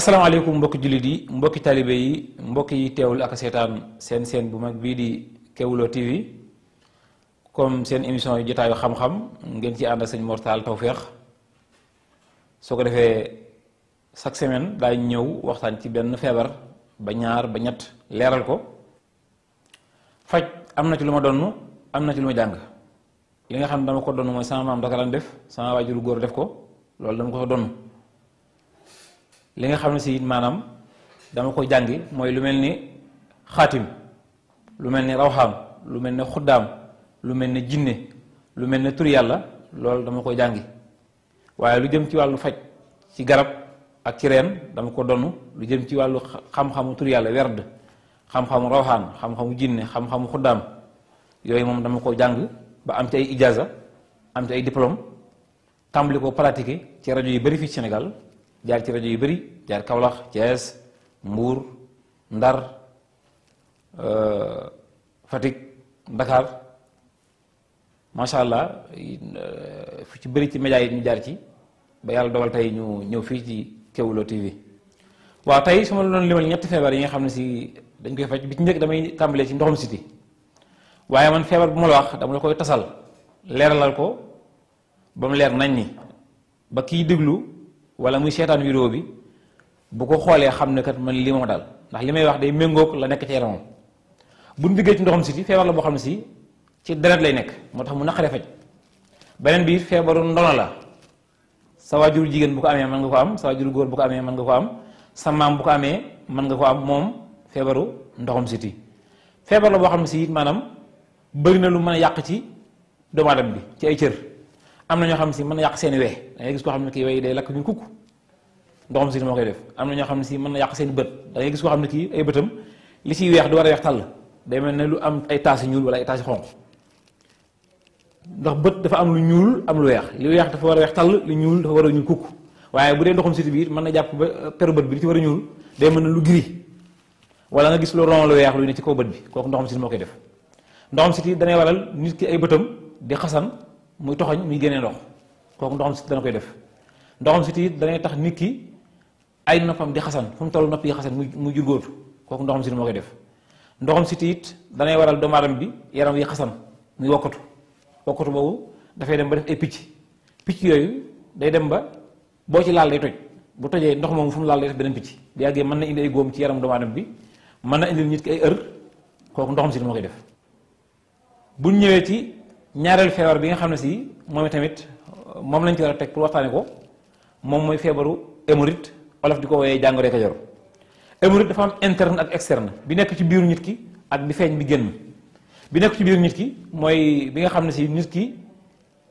Assalamualaikum mbokki julit yi mbokki talibe yi mbokk yi teewul ak seetaan sen sen bu mag bi di Kéwoulo TV comme seen émission yu jotaayu xam-xam ngeen ci and ak seigne mortal tawfiq soko soo ko chaque semaine da ñew waxtaan ci ben feebar ba ñaar ba ñett leeral ko faj amna ci luma ma amna ci luma jang li nga xam dama ko donnu moy sama mam dakalan def sama wajuru gor def ko lolou dama ko donnu li nga xam ne si maanaam dama ko jàngi mooy lu mel ni xaatim lu mel ni rawxaan lu mel ni xuddaam lu mel ni jinne lu mel ni tur yàlla loolu dama ko jàngi waaye lu jëm ci wàllu faj ci garab ak ci reen dama ko donn lu jëm ci wàllu xam-xamu tur yàlla werd xam-xamu rawxaan xam-xamu jinne xam-xamu xuddaam yooyu moom dama ko jàng ba am ci ay ijaaza am ci ay diplôme tàmbali ko pratiquer ci rajo yi bari fii Sénégal jaar eh, eh, ci rajo yu bari jaar Kaolack Thiès Mbour Ndar fatik Dakar macha allah fu ci bari ci media yi ñu jaar ci ba yalla dogal tay ñu ñew fi ci kewlo TV wa tay sama ma doon limal ñetti febar yi nga xam ci dañ koy fajj bi ci njëkk damay tambalé ci ndoxum city waye man febar bu ma wax dama la koy tasal leralal ko bam mu leer nañ ni ba ki deglu wala muy seetaan vidéo bi bu ko xoolee xam ne kat man li moo dal ndax li may wax day méngoog la nekk ci yaramam bu ñu duggee ci ndoxam siti feebar la boo xam ne si ci deret lay nekk moo tax mu naqaree faj beneen bi feebaru ndono la sa waajur jigéen bu ko amee nga ko am sa waajur góor bu amee mën nga ko am sa maam amee mën nga ko am moom feebaru ndoxam siti feebar la boo xam ne si maanaam bari na lu mën a yàq ci doomu bi ci ay cër amna na ñoo xam si mën na seen wé da ngay gis ko xamni ki kii wey day lakk ñu kukk ndoxam si moo koy def amna na ñoo xam si seen bët da ngay gis ko xamni ki ay bëtam li ci wéx du wara wéx tal day mel lu am ay taasi ñuul wala ay taasi xonq ndax bët dafa am lu ñuul am lu wéx li wéx dafa wara wéx tal li ñuul dafa wara ñu kuku waye waaye bu dé ndoxum ci biir man na japp euh, peru bët bi li ci wara ñuul day mel ne lu gris wala nga gis lu ron lu wéx lu ne ci ko bët bi kooku ndoxum ci mo koy def ndoxum ci dañé waral nit ki ay bëtam di xassan muy toxoñ muy génnee ndox kooku ndoxam sit dana koy def ndoxam sit it danay tax nit ki ay noppam di xasan fu mu toll nopp yi xasan muy muy jur góor kooku ndoxam sit moo koy def ndoxam sit it danay waral doomu bi yaram yi xasan muy wokkatu wokkatu boobu dafay dem ba def ay picc picc yooyu day dem ba boo ci laal day toj bu tojee ndox moom fu mu laal day def beneen picc bu yàggee mën na indi ay góom ci yaram doomu aadama bi mën na indil nit ay ër kooku ndoxam sit moo koy def ñaareelu feebar bi nga xam ne si moom tamit moom lañ ci war a teg pour waxtaane ko moom mooy feebaru hémorroïde olof di ko woyee jàngoree Kajoor hémorroïde dafa am interne ak externe bi nekk ci biiru nit ki ak bi feeñ bi génn bi nekk ci biiru nit ki mooy bi nga xam ne si nit ki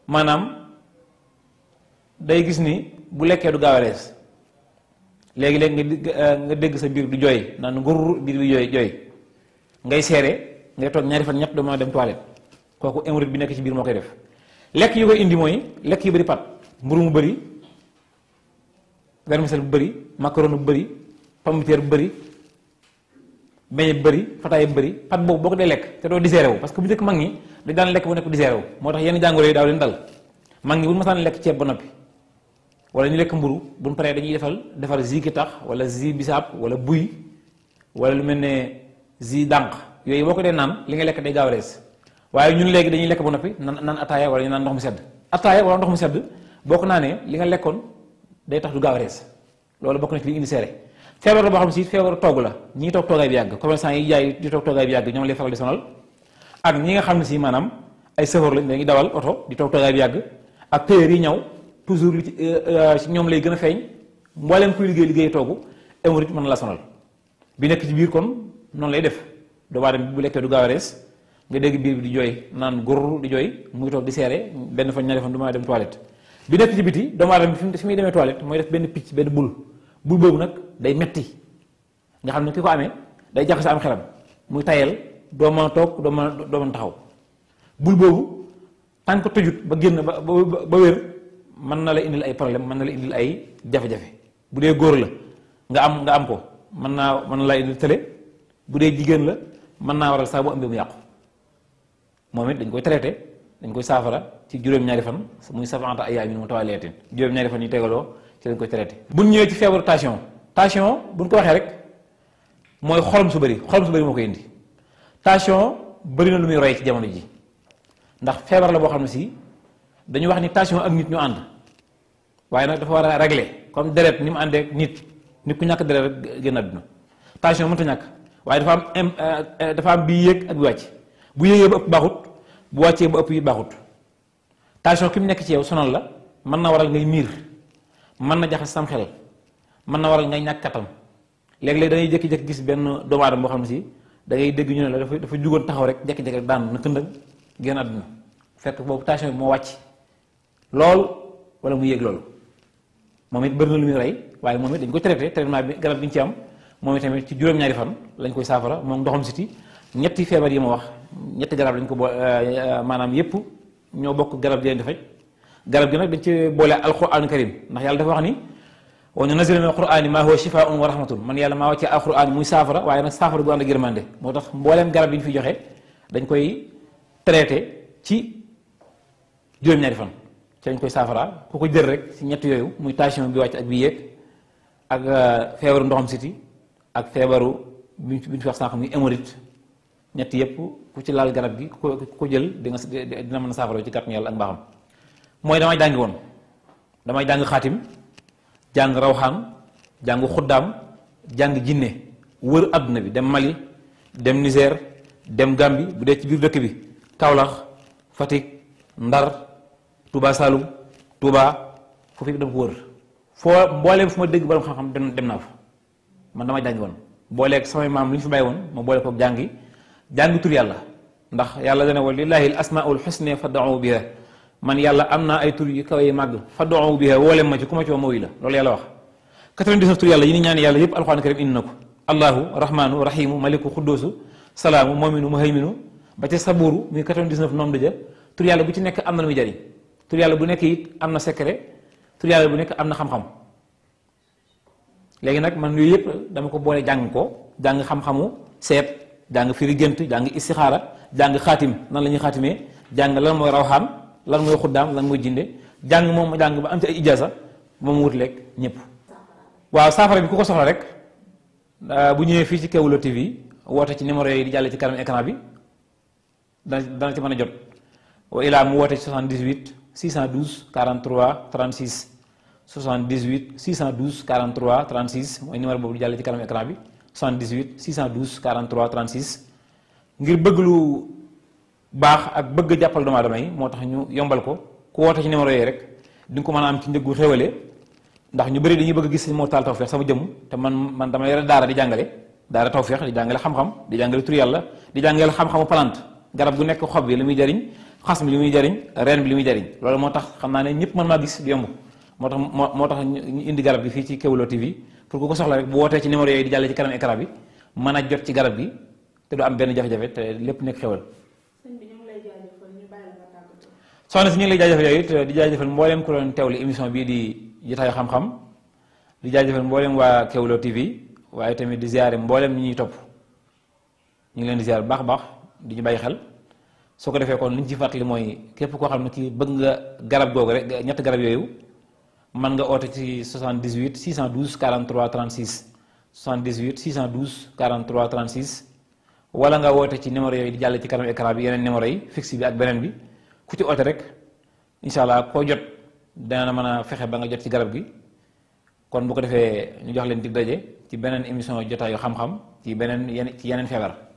maanaam day gis ni bu lekkee du gaaw a rees léegi-léegi nga nga dégg sa biir du jooy naan ngurur biir bi jooy jooy ngay seere ngay toog ñaari fan ñett doo mën a dem toilette kooku hémorroïde bi nekk ci biir moo koy def lekk yu koy indi mooy lekk yu bari pat mburu mu bëri vermicelle bu bëri macaroni bu bëri pomme de bu bëri beñe bu bëri fataay bu bëri pat boobu boo ko dee lekk te doo digéré parce que bu njëkk mag ñi dañ daan lekk bu nekk digéré moo tax yenn jàngoro yi daaw leen dal mag ñi bu ñu masaan lekk ceeb ba noppi wala ñu lekk mburu bu mu paree dañuy defal defar zi ki tax wala zi bisaab wala buy wala lu mel ne zi dànq yooyu boo ko dee naan li nga lekk day gaaw rees waaye ñun léegi dañuy lekk ba noppi nan naan ataaya wala ñu naan ndox mu sedd ataaya wala ndox mu sedd bokk naa ne li nga lekkoon day tax du gaaw rees loolu bokk ne ci li indi seere feebar la boo xam si feebar togg la ñi ngi toog toogaay bi yàgg commerçant yi jaay di toog toogaay ñoom lay ak ñi nga xam ne si maanaam ay sëfoor lañ dañuy dawal oto di toog toogaay bi yàgg ak yi ñëw toujours li euh, euh, ci ñoom lay gën a feeñ mbooleem kuy liggéey liggéey togg émorite mën na la sonal bi nekk ci biir kon noonu lay def doo baa dem bu lekkee du gaaw rees nga dégg biir bi di joyi, naan gor di mu ngi toog di seere benn fan ñaari fan du ma dem toilette bi nekk ci biti doomu aadama bi fi muy demee toilette mooy def benn picc benn bul bul boobu nag day metti nga xam ne ki ko amee day jàq sa am xelam muy tayel do ma toog doo mën doo taxaw bul boobu tànk tëjut ba génn ba ba wér mën na la indil ay problème man na la indil ay jafe-jafe bu dee góor la nga am nga am ko man naa man na laa indil bu dee jigéen la man naa waral saa bu am bi mu moom it dañ koy traité dañ koy saafara ci juróom-ñaari fan muy sabanta ay yaamin mutawaaliyatin juróom-ñaari fan yi tegaloo ci lañ koy traité bu ñëwee ci feebaru tension tension buñ ko waxee rek mooy xorom su bëri xorom su bëri moo koy indi tension bëri na lu muy roy ci jamono ji ndax feebar la boo xam ne si dañu wax ni tension ak nit ñu ànd waaye nag dafa war a régler comme deret ni mu àndee nit nit ku ñàkk deret rek génn àdduna tension mënta ñàkk waaye dafa euh, euh, bii yéeg ak bi bu yéegee ba ëpp baaxut bu wàccee ba ëpp yi baaxut tension ki mu nekk ci yow sonal la mën na waral ngay miir mën na jaxas sam xel mën na waral ngay ñàkk kattan léeg-léeg dangay jékki-jékki gis benn doomu aadama boo xam ne si da ngay dégg ñu ne la dafa dafa jugoon taxaw rek jékki-jékki rek daan na këndëng génn àdduna fekk boobu tension bi moo wàcc lool wala mu yéeg loolu moom it bëri na lu muy rey waaye moom it dañ ko traité traitement bi garab bi ñu ci am moom it ci juróom-ñaari fan lañ koy saafara moom ndoxam siti ñetti feebar yi ma wax ñetti garab lañ ko bo maanaam yépp ñoo bokk garab di leen di faj garab gi nag dañ ci boole alquran karim ndax yàlla dafa wax ni wa nu nazila min alqurani maa huwa shifaun wa rahmatun man yàlla maa wàcce alquran muy saafara waaye nag saafara gu ànd ak yërmande moo tax mbooleem garab yi ñu fi joxe dañ koy traité ci juróom-ñaari fan ci dañ koy saafara ku ko jël rek si ñett yooyu muy tension bi wàcc ak bi yéeg ak feebaru ndoxam siti ak feebaru bi ñu fi wax sànq muy hémorroïde ñett yëpp ku ci laal garab gi ku jël di nga dina mën a ci kàttan yàlla ak mbaaxam mooy damay jàngi woon damay jàng xaatim jàng rawxaan jàng xuddaam jàng jinne wër àdduna bi dem Mali dem Niger dem gambi bu dee ci biir dëkk bi kaolax fatik Ndar Touba Saloum Touba fu fi dama ko wër foo fu ma dégg borom xam-xam dem dem naa fa man damay jàngi woon ak samay maam li fi bàyyi woon ma boole ko jàngi jàng tur yàlla ndax yàlla dana wa lillahi al asmaul xusne fa doo biha man yàlla am na ay tur yu kaw yi màgg fa doo biha wooleen ma ci ku ma ci woo mooy la loolu yàlla wax 99 tur yàlla yi ni ñaan yàlla yëpp alxuraan karim indi na ko allahu rahmaanu rahimu maliku xuddoosu salaamu mominu muhayminu ba ca saburu muy 99 noom dëja tur yàlla bu ci nekk am na lu muy jariñ tur yàlla bu nekk am na secret tur bu nekk am na xam-xam léegi nag man dama ko boole jàng ko jàng xam-xamu jàng firi gént jàng istixaara jàng xaatim nan la ñuy xaatimee jàng lan mooy rawxaan lan mooy xuddaam lan mooy jinde jàng moom jàng ba am ci ay ijaasa moom mu wut lekk ñëpp waaw saafara bi ku ko soxla rek euh, bu ñëwee fii ci Kéwoulo TV woote ci numéro yi di jàll ci kanam écran bi dana dana ci mën a jot wa ilaa mu woote ci 78 612 43 36 78 612 43 36 mooy numéro boobu di jàll ci kanam écran bi 78 612 43 36 ngir bëgg lu baax ak bëgg jàppal doomu aadama yi moo tax ñu yombal ko ku woote ci numéro yooyu rek di ko mën a am ci ndëggu xéwale ndax ñu bëri dañuy bëgg gis moo taal Tawfiq sama jëm te man man dama yore daara di jàngale daara Tawfiq di jàngale xam-xam di jàngale tur yàlla di jàngale xam-xamu plante garab gu nekk xob bi li muy jariñ xas mi li muy jariñ reen bi li muy jariñ loolu moo tax xam naa ne ñëpp gis di yomb moo tax moo moo tax ñu indi garab gi fii ci Kéwoulo TV pour ku ko soxla rek bu wootee ci numéro yooyu di jàll ci kanam écran bi mën a jot ci garab gi te du am benn jafe-jafe te lépp nekk xewal. ñu ngi lay jaajëfal yooyu di jaajëfal mbooleem ku doon teewlu émission bii di jotaayu xam-xam di jaajëfal mbooleem waa Kéwoulo TV waaye tamit di ziare mbooleem ñi ñuy topp ñu ngi leen di ziare baax baax di ñu bàyyi xel. soo ko defee kon li ñu ci fàttali mooy képp koo xam ne kii bëgg nga garab googu rek ñett garab yooyu. mën nga oote ci 78 612 43 36 78 612 43 36 wala nga woote ci numéro yooyu di jàll ci kanam écran bi yeneen numéro yi fixe bi ak beneen bi ku ci oote rek incha allah koo jot dana mën a fexe ba nga jot ci garab gi kon bu ko defee ñu jox leen dig daje ci beneen émission jotaayu xam-xam ci beneen yenn ci yeneen feebar.